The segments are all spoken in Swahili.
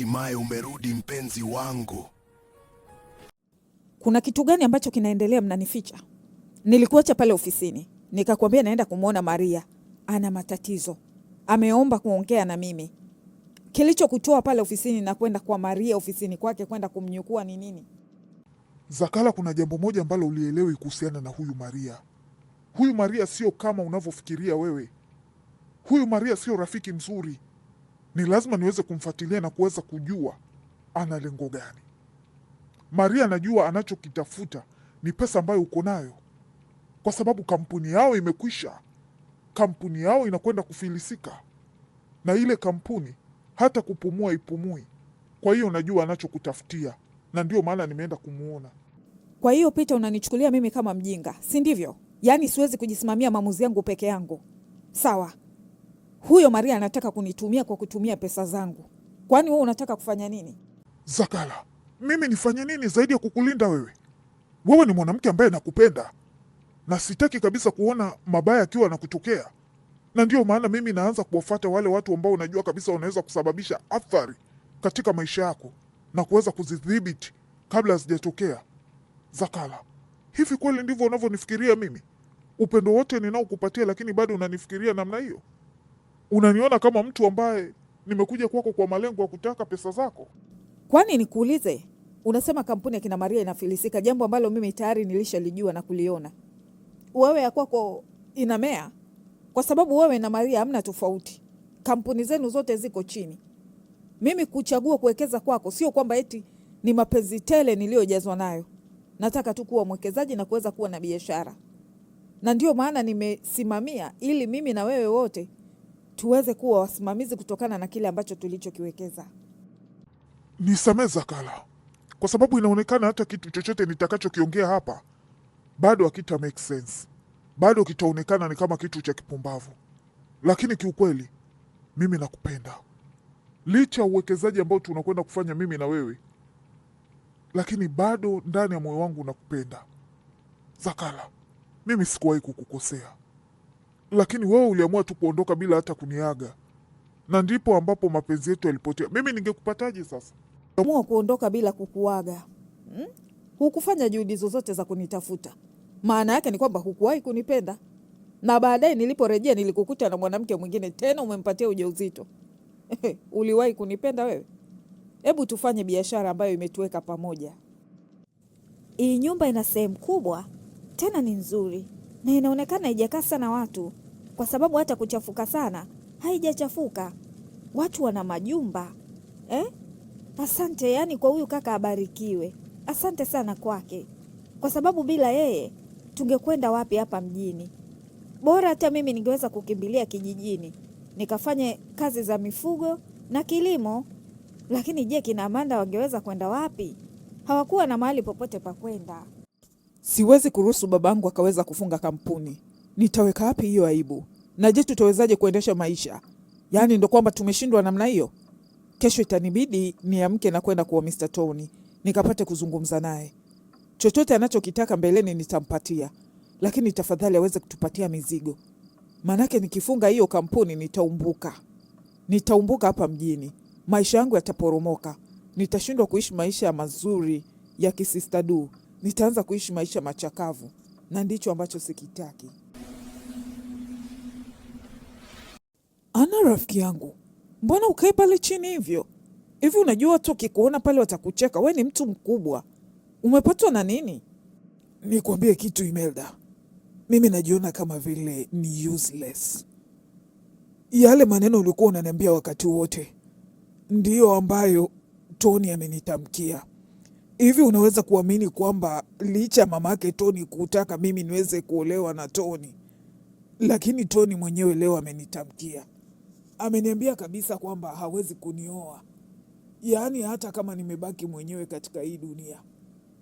hatimaye umerudi mpenzi wangu. Kuna kitu gani ambacho kinaendelea? Mnanificha. Nilikuacha pale ofisini nikakwambia naenda kumwona Maria, ana matatizo, ameomba kuongea na mimi. Kilichokutoa pale ofisini na kwenda kwa Maria ofisini kwake kwenda kumnyukua ni nini? Zakala, kuna jambo moja ambalo ulielewi kuhusiana na huyu Maria. Huyu Maria sio kama unavyofikiria wewe. Huyu Maria sio rafiki mzuri ni lazima niweze kumfuatilia na kuweza kujua ana lengo gani. Maria anajua anachokitafuta ni pesa ambayo uko nayo, kwa sababu kampuni yao imekwisha, kampuni yao inakwenda kufilisika, na ile kampuni hata kupumua ipumui. Kwa hiyo najua anachokutafutia, na ndio maana nimeenda kumuona. Kwa hiyo Pita, unanichukulia mimi kama mjinga, si ndivyo? Yaani siwezi kujisimamia maamuzi yangu peke yangu, sawa? huyo Maria anataka kunitumia kwa kutumia pesa zangu. Kwani wewe unataka kufanya nini? Zakala, mimi nifanye nini zaidi ya kukulinda wewe? Wewe ni mwanamke ambaye nakupenda na sitaki kabisa kuona mabaya akiwa anakutokea, na ndiyo maana mimi naanza kuwafata wale watu ambao unajua kabisa wanaweza kusababisha athari katika maisha yako na kuweza kuzidhibiti kabla hazijatokea. Zakala, hivi kweli ndivyo unavyonifikiria mimi? Upendo wote ninaokupatia, lakini bado unanifikiria namna hiyo? Unaniona kama mtu ambaye nimekuja kwako kwa malengo ya kutaka pesa zako? Kwani nikuulize, unasema kampuni ya kina Maria inafilisika, jambo ambalo mimi tayari nilishalijua na kuliona. Wewe ya kwako inamea, kwa sababu wewe na Maria hamna tofauti. Kampuni zenu zote ziko chini. Mimi kuchagua kuwekeza kwako sio kwamba eti ni mapenzi tele niliyojazwa nayo. Nataka tu kuwa mwekezaji na kuweza kuwa na biashara, na ndio maana nimesimamia ili mimi na wewe wote tuweze kuwa wasimamizi kutokana na kile ambacho tulichokiwekeza. Nisamee Zakala, kwa sababu inaonekana hata kitu chochote nitakachokiongea hapa bado hakita make sense, bado kitaonekana ni kama kitu cha kipumbavu, lakini kiukweli mimi nakupenda licha ya uwekezaji ambao tunakwenda kufanya mimi na wewe, lakini bado ndani ya moyo wangu nakupenda Zakala. Mimi sikuwahi kukukosea lakini wewe uliamua tu kuondoka bila hata kuniaga, na ndipo ambapo mapenzi yetu yalipotea. Mimi ningekupataje sasa? Amua kuondoka bila kukuaga hmm? Hukufanya juhudi zozote za kunitafuta. Maana yake ni kwamba hukuwahi kunipenda, na baadaye niliporejea nilikukuta na mwanamke mwingine, tena umempatia ujauzito. Uliwahi kunipenda wewe? Hebu tufanye biashara ambayo imetuweka pamoja. Hii nyumba ina sehemu kubwa, tena ni nzuri na inaonekana haijakaa sana watu, kwa sababu hata kuchafuka sana haijachafuka. Watu wana majumba eh? Asante yani kwa huyu kaka abarikiwe, asante sana kwake, kwa sababu bila yeye tungekwenda wapi hapa mjini? Bora hata mimi ningeweza kukimbilia kijijini nikafanye kazi za mifugo na kilimo. Lakini je, kina Amanda wangeweza kwenda wapi? Hawakuwa na mahali popote pa kwenda. Siwezi kuruhusu babangu akaweza kufunga kampuni. Nitaweka wapi hiyo aibu? Na je, tutawezaje kuendesha maisha? Yaani ndo kwamba tumeshindwa namna hiyo. Kesho itanibidi niamke na kwenda kwa Mr. Tony nikapate kuzungumza naye. Chochote anachokitaka mbeleni nitampatia, lakini tafadhali aweze kutupatia mizigo, maanake nikifunga hiyo kampuni nitaumbuka. Nitaumbuka hapa mjini, maisha yangu yataporomoka, nitashindwa kuishi maisha mazuri ya kisistaduu nitaanza kuishi maisha machakavu, na ndicho ambacho sikitaki. Ana, rafiki yangu, mbona ukae pale chini hivyo hivi? Unajua watu wakikuona pale watakucheka. We ni mtu mkubwa, umepatwa na nini? nikuambie kitu Imelda, mimi najiona kama vile ni useless. Yale maneno ulikuwa unaniambia wakati wote ndiyo ambayo toni amenitamkia Hivi unaweza kuamini kwamba licha ya mamake Toni kutaka mimi niweze kuolewa na Toni, lakini Toni mwenyewe leo amenitamkia, ameniambia kabisa kwamba hawezi kunioa, yaani hata kama nimebaki mwenyewe katika hii dunia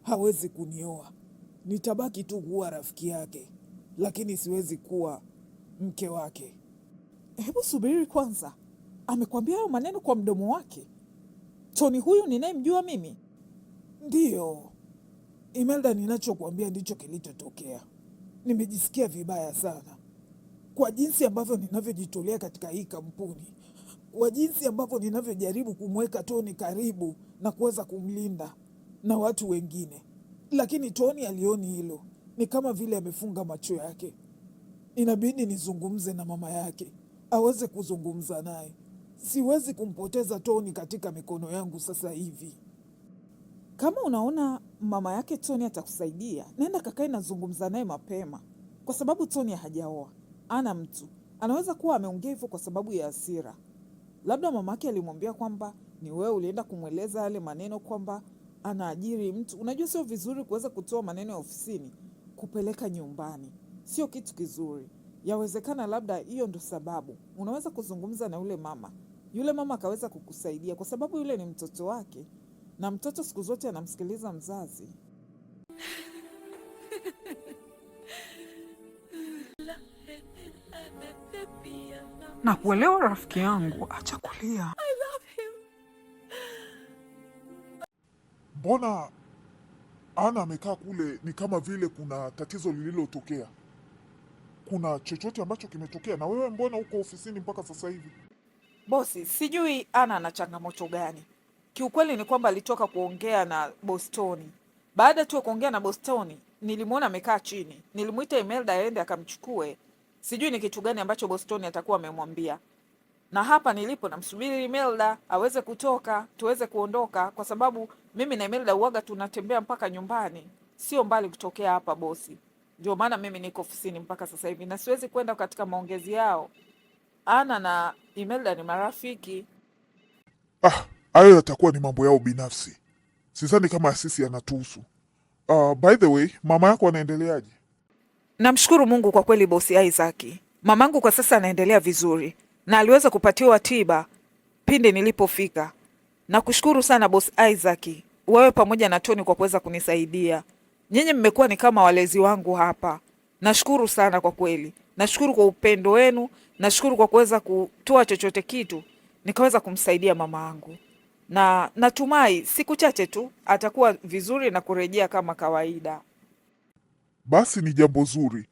hawezi kunioa, nitabaki tu kuwa rafiki yake, lakini siwezi kuwa mke wake. Hebu subiri kwanza, amekwambia hayo maneno kwa mdomo wake? Toni huyu ninayemjua mimi? Ndiyo Imelda, ninachokuambia ndicho kilichotokea. Nimejisikia vibaya sana kwa jinsi ambavyo ninavyojitolea katika hii kampuni, kwa jinsi ambavyo ninavyojaribu kumweka Toni karibu na kuweza kumlinda na watu wengine, lakini Toni alioni hilo, ni kama vile amefunga macho yake. Inabidi nizungumze na mama yake aweze kuzungumza naye. Siwezi kumpoteza Toni katika mikono yangu sasa hivi. Kama unaona mama yake Tony atakusaidia, nenda kakae na zungumza naye mapema, kwa sababu Tony hajaoa, ana mtu. Anaweza kuwa ameongea hivyo kwa sababu ya hasira, labda mama yake alimwambia kwamba ni wewe ulienda kumweleza yale maneno kwamba anaajiri mtu. Unajua sio vizuri kuweza kutoa maneno ya ofisini kupeleka nyumbani, sio kitu kizuri. Yawezekana labda hiyo ndo sababu. Unaweza kuzungumza na yule mama, yule mama akaweza kukusaidia, kwa sababu yule ni mtoto wake na mtoto siku zote anamsikiliza mzazi. Nakuelewa rafiki yangu, acha kulia. Mbona Ana amekaa kule, ni kama vile kuna tatizo lililotokea. Kuna chochote ambacho kimetokea? Na wewe mbona uko ofisini mpaka sasa hivi? Bosi, sijui Ana ana changamoto gani kiukweli ni kwamba alitoka kuongea na Bostoni. Baada tu ya kuongea na Bostoni, nilimwona amekaa chini, nilimwita Imelda aende akamchukue. Sijui ni kitu gani ambacho Bostoni atakuwa amemwambia, na hapa nilipo namsubiri Imelda aweze kutoka tuweze kuondoka, kwa sababu mimi na Imelda uwaga tunatembea mpaka nyumbani, sio mbali kutokea hapa bosi. Ndio maana mimi niko ofisini mpaka sasa hivi na siwezi kwenda katika maongezi yao. Ana na Imelda ni marafiki ah hayo yatakuwa ni mambo yao binafsi, sizani kama sisi yanatuhusu. Uh, by the way, mama yako anaendeleaje? Namshukuru Mungu kwa kweli bosi Isaac, mamangu kwa sasa anaendelea vizuri na aliweza kupatiwa tiba pindi nilipofika. Nakushukuru sana bosi Isaac, wewe pamoja na Toni kwa kuweza kunisaidia. Nyinyi mmekuwa ni kama walezi wangu hapa. Nashukuru sana kwa kweli, nashukuru kwa upendo wenu, nashukuru kwa kuweza kutoa chochote kitu nikaweza kumsaidia mama yangu na natumai siku chache tu atakuwa vizuri na kurejea kama kawaida. Basi ni jambo zuri,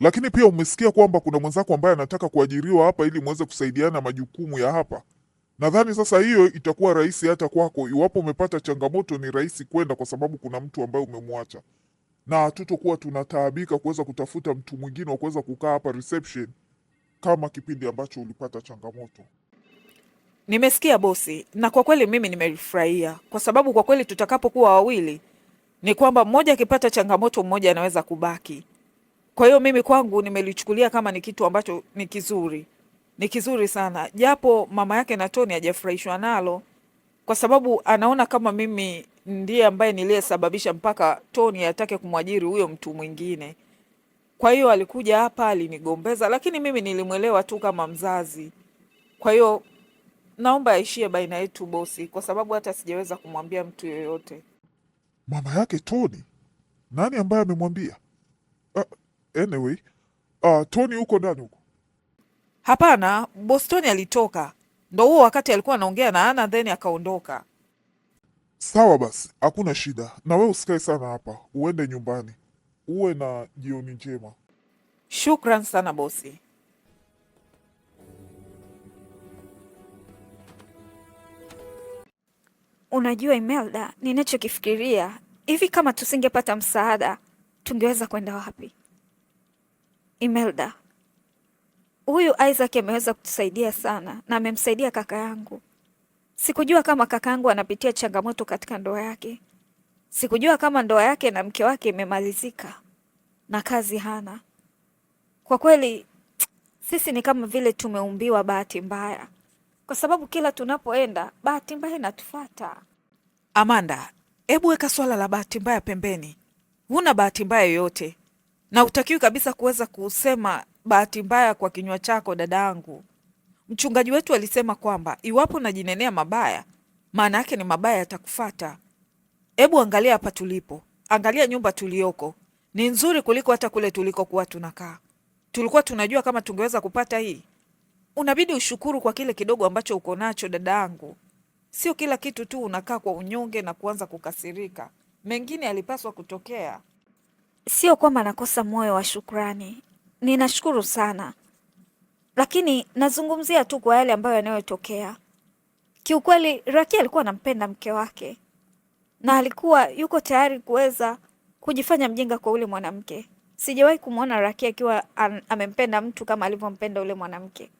lakini pia umesikia kwamba kuna mwenzako ambaye anataka kuajiriwa hapa ili muweze kusaidiana majukumu ya hapa. Nadhani sasa hiyo itakuwa rahisi hata kwako. Iwapo umepata changamoto, ni rahisi kwenda, kwa sababu kuna mtu ambaye umemwacha, na hatutokuwa tunataabika kuweza kutafuta mtu mwingine wa kuweza kukaa hapa reception kama kipindi ambacho ulipata changamoto. Nimesikia bosi, na kwa kweli mimi nimefurahia kwa sababu kwa kweli tutakapokuwa wawili ni kwamba mmoja akipata changamoto mmoja anaweza kubaki. Kwa hiyo mimi kwangu nimelichukulia kama ni kitu ambacho ni kizuri, ni kizuri sana, japo mama yake na Toni hajafurahishwa nalo, kwa sababu anaona kama mimi ndiye ambaye niliyesababisha mpaka Toni atake kumwajiri huyo mtu mwingine. Kwa hiyo alikuja hapa alinigombeza, lakini mimi nilimwelewa tu kama mzazi. Kwa hiyo Naomba aishie baina yetu bosi, kwa sababu hata sijaweza kumwambia mtu yoyote. Mama yake Toni? Nani ambaye amemwambia? Uh, anyway, uh, ah, Toni huko ndani huko? Hapana, bosi Tony alitoka ndo huo wakati alikuwa anaongea na Ana then akaondoka. Sawa basi, hakuna shida. Na wewe usikae sana hapa, uende nyumbani. Uwe na jioni njema. Shukran sana bosi. Unajua Imelda, ninachokifikiria hivi, kama tusingepata msaada tungeweza kwenda wapi? Imelda, huyu Isaac ameweza kutusaidia sana na amemsaidia kaka yangu. Sikujua kama kaka yangu anapitia changamoto katika ndoa yake. Sikujua kama ndoa yake na mke wake imemalizika na kazi hana. Kwa kweli sisi ni kama vile tumeumbiwa bahati mbaya kwa sababu kila tunapoenda bahati mbaya inatufata. Amanda, hebu weka swala la bahati mbaya pembeni. Huna bahati mbaya yoyote, na utakiwi kabisa kuweza kusema bahati mbaya kwa kinywa chako. Dadangu, mchungaji wetu alisema kwamba iwapo unajinenea mabaya, maana yake ni mabaya yatakufata. Hebu angalia hapa tulipo, angalia nyumba tuliyoko ni nzuri kuliko hata kule tulikokuwa tunakaa. Tulikuwa tunajua kama tungeweza kupata hii? unabidi ushukuru kwa kile kidogo ambacho uko nacho, dada yangu. Sio kila kitu tu unakaa kwa unyonge na kuanza kukasirika, mengine yalipaswa kutokea. Sio kwamba nakosa moyo wa shukrani, ninashukuru sana, lakini nazungumzia tu kwa yale ambayo yanayotokea. Kiukweli, Raki alikuwa anampenda mke wake na alikuwa yuko tayari kuweza kujifanya mjinga kwa ule mwanamke. Sijawahi kumwona Raki akiwa amempenda mtu kama alivyompenda ule mwanamke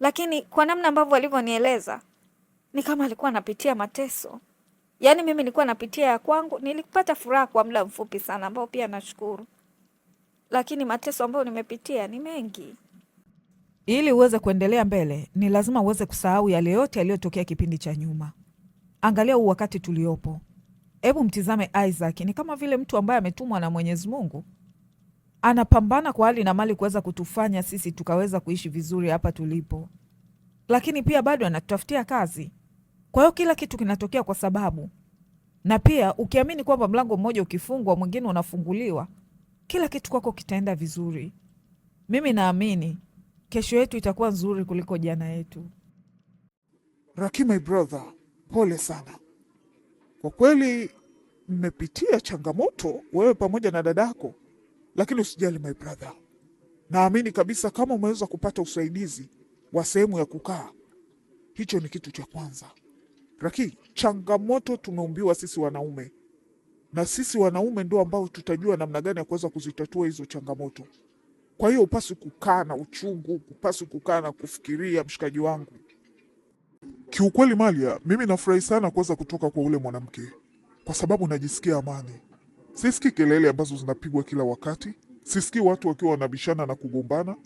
lakini kwa namna ambavyo alivyonieleza ni kama alikuwa anapitia mateso. Yaani mimi nilikuwa napitia ya kwangu, nilipata furaha kwa muda mfupi sana ambao pia nashukuru, lakini mateso ambayo nimepitia ni mengi. Ili uweze kuendelea mbele, ni lazima uweze kusahau yale yote yaliyotokea kipindi cha nyuma. Angalia huu wakati tuliopo, hebu mtizame Isaac ni kama vile mtu ambaye ametumwa na Mwenyezi Mungu anapambana kwa hali na mali kuweza kutufanya sisi tukaweza kuishi vizuri hapa tulipo, lakini pia bado anatutafutia kazi. Kwa hiyo kila kitu kinatokea kwa sababu, na pia ukiamini kwamba mlango mmoja ukifungwa mwingine unafunguliwa, kila kitu kwako kitaenda vizuri. Mimi naamini kesho yetu itakuwa nzuri kuliko jana yetu. Raki, my brother, pole sana kwa kweli, mmepitia changamoto wewe pamoja na dadako lakini usijali my brother, naamini kabisa kama umeweza kupata usaidizi wa sehemu ya kukaa, hicho ni kitu cha kwanza. Lakini changamoto tumeumbiwa sisi wanaume, na sisi wanaume ndio ambao tutajua namna gani ya kuweza kuzitatua hizo changamoto. Kwa hiyo upasi kukaa na uchungu, upasi kukaa na kufikiria, mshikaji wangu. Kiukweli Malia, mimi nafurahi sana kuweza kutoka kwa ule mwanamke kwa sababu najisikia amani. Sisikii kelele ambazo zinapigwa kila wakati, sisikii watu wakiwa wanabishana na kugombana.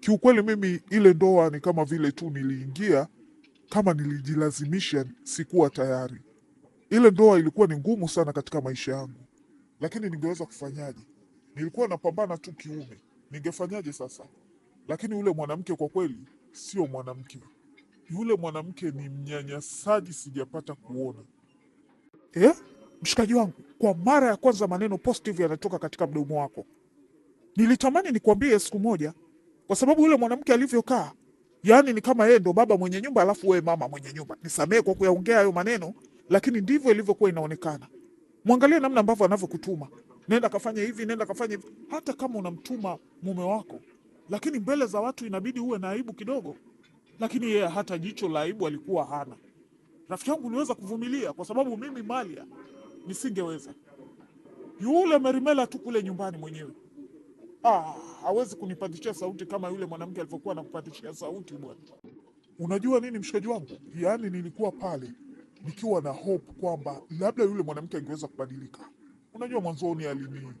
Kiukweli mimi ile ndoa ni kama vile tu niliingia, kama nilijilazimisha, sikuwa tayari. Ile ndoa ilikuwa ni ngumu sana katika maisha yangu, lakini ningeweza kufanyaje? Nilikuwa napambana tu kiume, ningefanyaje sasa? Lakini yule mwanamke kwa kweli sio mwanamke, yule mwanamke ni mnyanyasaji, sijapata kuona eh? Mshikaji wangu, kwa mara ya kwanza maneno positive yanatoka katika mdomo wako. Nilitamani nikwambie siku moja, kwa sababu yule mwanamke alivyokaa, yani ni kama yeye ndo baba mwenye nyumba, alafu wewe mama mwenye nyumba. Nisamehe kwa kuyaongea hayo maneno, lakini ndivyo ilivyokuwa inaonekana. Mwangalie namna ambavyo anavyokutuma, nenda kafanya hivi, nenda kafanya hivi. Hata kama unamtuma mume wako, lakini mbele za watu inabidi uwe na aibu kidogo, lakini yeye hata jicho la aibu alikuwa hana. Rafiki yangu, niweza kuvumilia kwa sababu mimi Malia nisingeweza. Yule merimela tu kule nyumbani mwenyewe ah, hawezi kunipandishia sauti kama yule mwanamke alivyokuwa anakupandishia sauti bwana. Unajua nini mshikaji wangu, yaani nilikuwa pale nikiwa na hope kwamba labda yule mwanamke angeweza kubadilika. Unajua mwanzoni alini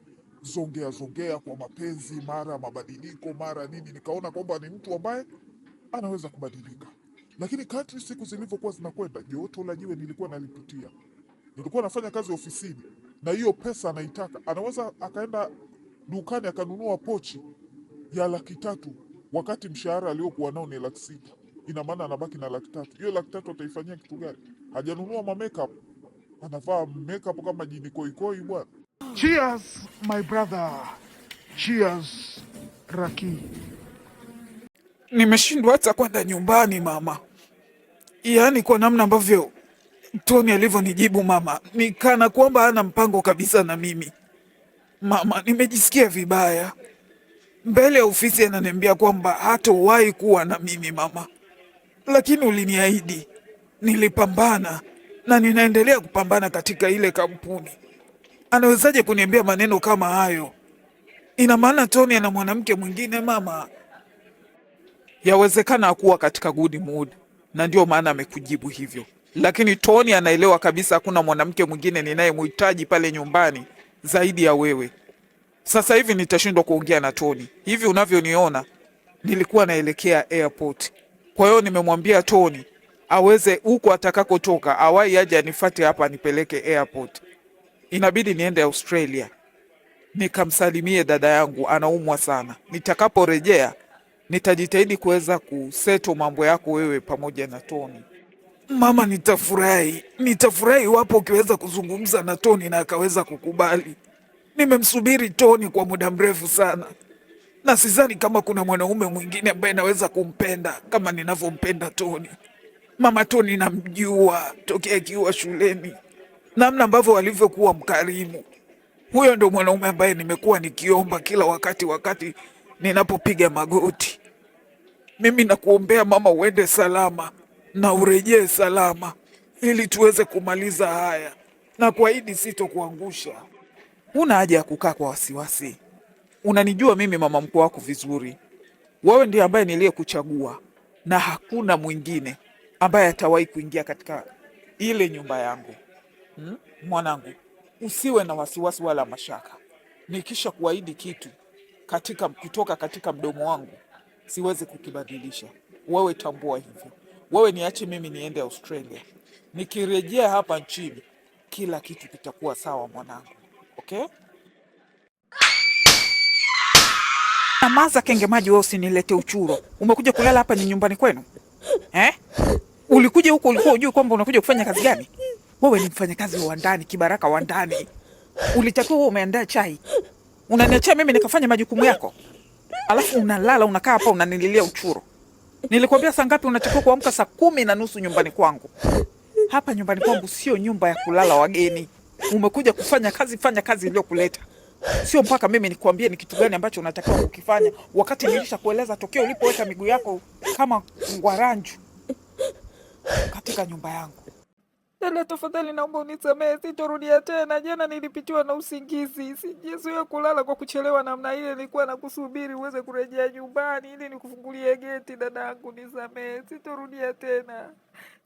zongea zongea kwa mapenzi, mara mabadiliko, mara nini, nikaona kwamba ni mtu ambaye anaweza kubadilika, lakini kadri siku zilivyokuwa zinakwenda, joto la jiwe nilikuwa nalipitia nilikuwa nafanya kazi ofisini na hiyo pesa anaitaka, anaweza akaenda dukani akanunua pochi ya laki tatu wakati mshahara aliokuwa nao ni laki sita. Ina maana anabaki na laki tatu. Hiyo laki tatu ataifanyia kitu gani? Hajanunua ma makeup, anavaa makeup kama jini koikoi bwana. Cheers my brother, cheers Raki. Nimeshindwa hata kwenda nyumbani mama, yaani kwa namna ambavyo Tony alivyonijibu mama, ni kana kwamba hana mpango kabisa na mimi. Mama, nimejisikia vibaya. Mbele ya ofisi ananiambia kwamba hatowahi kuwa na mimi mama, lakini uliniahidi. Nilipambana na ninaendelea kupambana katika ile kampuni. Anawezaje kuniambia maneno kama hayo? Ina maana Tony ana mwanamke mwingine mama. Yawezekana hakuwa katika good mood, na ndio maana amekujibu hivyo lakini Tony anaelewa kabisa hakuna mwanamke mwingine ninayemhitaji pale nyumbani zaidi ya wewe. Sasa hivi nitashindwa kuongea na Tony. Hivi unavyoniona nilikuwa naelekea airport, kwa hiyo nimemwambia Tony aweze huko atakakotoka awai aje anifate hapa nipeleke airport. Inabidi niende Australia nikamsalimie dada yangu, anaumwa sana. Nitakaporejea nitajitahidi kuweza kuseto mambo yako wewe pamoja na Tony. Mama, nitafurahi, nitafurahi wapo ukiweza kuzungumza na Toni na akaweza kukubali. Nimemsubiri Toni kwa muda mrefu sana, na sidhani kama kuna mwanaume mwingine ambaye naweza kumpenda kama ninavyompenda Toni. Mama Toni namjua tokea akiwa shuleni, namna ambavyo alivyokuwa mkarimu. Huyo ndo mwanaume ambaye nimekuwa nikiomba kila wakati, wakati ninapopiga magoti. Mimi nakuombea mama, uende salama na urejee salama ili tuweze kumaliza haya, na kuahidi sitokuangusha. Huna haja ya kukaa kwa wasiwasi, unanijua mimi mama mkwe wako vizuri. Wewe ndiye ambaye niliyekuchagua na hakuna mwingine ambaye atawahi kuingia katika ile nyumba yangu. Hmm? Mwanangu, usiwe na wasiwasi wala mashaka. Nikisha kuahidi kitu katika kutoka katika mdomo wangu siwezi kukibadilisha. Wewe tambua hivyo wewe niache mimi niende Australia, nikirejea hapa nchini kila kitu kitakuwa sawa mwanangu, okay? Namaza kenge maji, wewe usinilete uchuro. Umekuja kulala hapa, ni nyumbani kwenu eh? Ulikuja huko ulikuwa ujui kwamba unakuja kufanya kazi gani? Wewe ni mfanyakazi wa ndani, kibaraka wa ndani. Ulitakiwa wewe umeandaa chai, unaniachia mimi nikafanya majukumu yako, alafu unalala unakaa hapa unanililia uchuro. Nilikwambia saa ngapi unachukua kuamka? Saa kumi na nusu nyumbani kwangu. Hapa nyumbani kwangu sio nyumba ya kulala wageni. Umekuja kufanya kazi, fanya kazi iliyokuleta, sio mpaka mimi nikuambie ni kitu gani ambacho unatakiwa kukifanya, wakati nilisha kueleza tokeo ulipoweka miguu yako kama ngwaranju katika nyumba yangu. Dada tafadhali, naomba unisamehe, sitorudia tena. Jana nilipitiwa na usingizi, sijizuia kulala kwa kuchelewa namna ile. Nilikuwa nakusubiri uweze kurejea nyumbani ili nikufungulie geti. Dada yangu, nisamehe, sitorudia tena,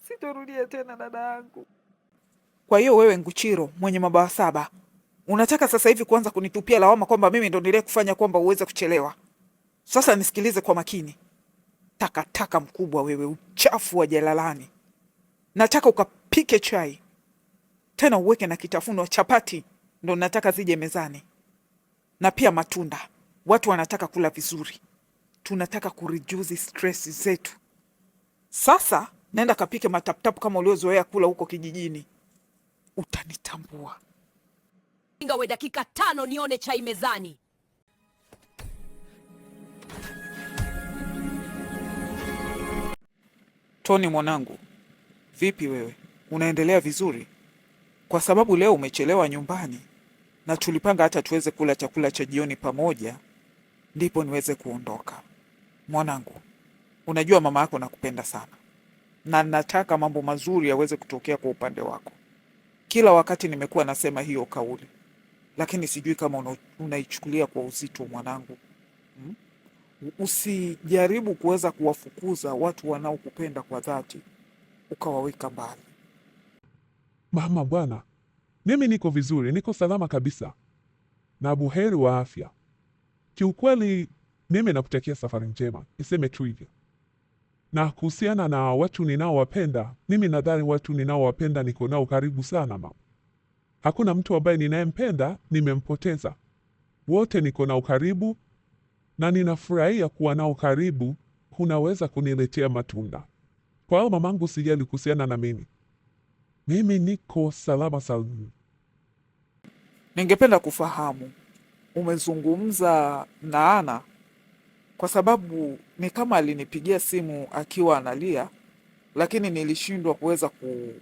sitorudia tena dada yangu. Kwa hiyo wewe Nguchiro mwenye mabawa saba unataka sasa hivi kuanza kunitupia lawama kwamba mimi ndo nilie kufanya kwamba uweze kuchelewa? Sasa nisikilize kwa makini, takataka taka mkubwa wewe, uchafu wa jalalani, nataka ukap upike chai tena uweke na kitafunwa, chapati ndo nataka zije mezani na pia matunda. Watu wanataka kula vizuri, tunataka kureduce stress zetu. Sasa naenda kapike mataputapu kama uliozoea kula huko kijijini, utanitambua. Ingawe dakika tano nione chai mezani. Toni mwanangu, vipi wewe? unaendelea vizuri? Kwa sababu leo umechelewa nyumbani na tulipanga hata tuweze kula chakula cha jioni pamoja, ndipo niweze kuondoka. Mwanangu, unajua mama yako nakupenda sana, na nataka mambo mazuri yaweze kutokea kwa upande wako. Kila wakati nimekuwa nasema hiyo kauli, lakini sijui kama unaichukulia kwa uzito mwanangu, hmm? Usijaribu kuweza kuwafukuza watu wanaokupenda kwa dhati ukawaweka mbali. Mama bwana, mimi niko vizuri, niko salama kabisa na buheri wa afya. Kiukweli mimi nakutakia safari njema, iseme tu hivyo. Na kuhusiana na watu ninaowapenda, mimi nadhani watu ninaowapenda niko nao karibu sana mama. Hakuna mtu ambaye ninayempenda nimempoteza, wote niko nao karibu na ninafurahia kuwa nao karibu. Kunaweza kuniletea matunda. Kwa hiyo mamangu, sijali kuhusiana na mimi. Mimi niko salama salmini. Ningependa kufahamu umezungumza na Ana, kwa sababu ni kama alinipigia simu akiwa analia, lakini nilishindwa kuweza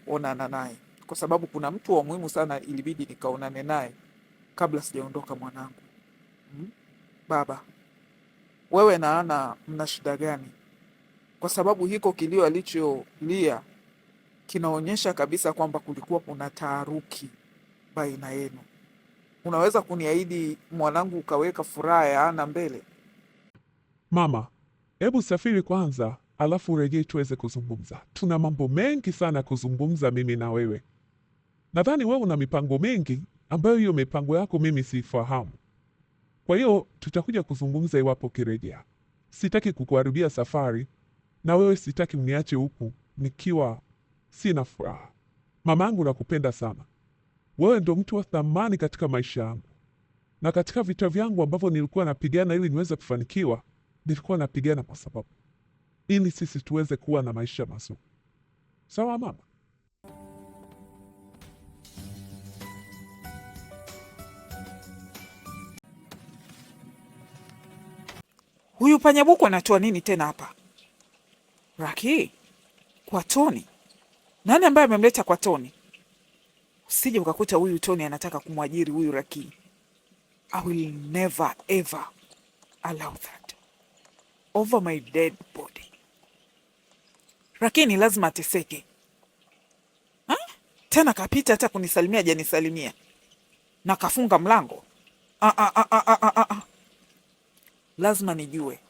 kuonana naye kwa sababu kuna mtu wa muhimu sana ilibidi nikaonane naye kabla sijaondoka mwanangu. Hmm? Baba, wewe na Ana mna shida gani? Kwa sababu hiko kilio alicholia kinaonyesha kabisa kwamba kulikuwa kuna taharuki baina yenu. Unaweza kuniahidi mwanangu, ukaweka furaha ya ana mbele? Mama, hebu safiri kwanza, alafu urejee tuweze kuzungumza. Tuna mambo mengi sana ya kuzungumza mimi na wewe. Nadhani wewe una mipango mingi ambayo hiyo mipango yako mimi siifahamu. Kwa hiyo tutakuja kuzungumza iwapo kirejea. Sitaki kukuharibia safari na wewe, sitaki uniache huku nikiwa sina furaha. Mamangu, nakupenda sana. Wewe ndo mtu wa thamani katika maisha yangu, na katika vita vyangu ambavyo nilikuwa napigana ili niweze kufanikiwa, nilikuwa napigana kwa sababu ili sisi tuweze kuwa na maisha mazuri. Sawa mama? Huyu Panyabuku anatoa nini tena hapa? Raki, kwa Toni nani ambaye amemleta kwa Toni? Usije ukakuta huyu Toni anataka kumwajiri huyu Rakii. I will never ever allow that over my dead body. Rakini lazima ateseke ha? Tena kapita hata kunisalimia, janisalimia na kafunga mlango. Ah, ah, ah, lazima nijue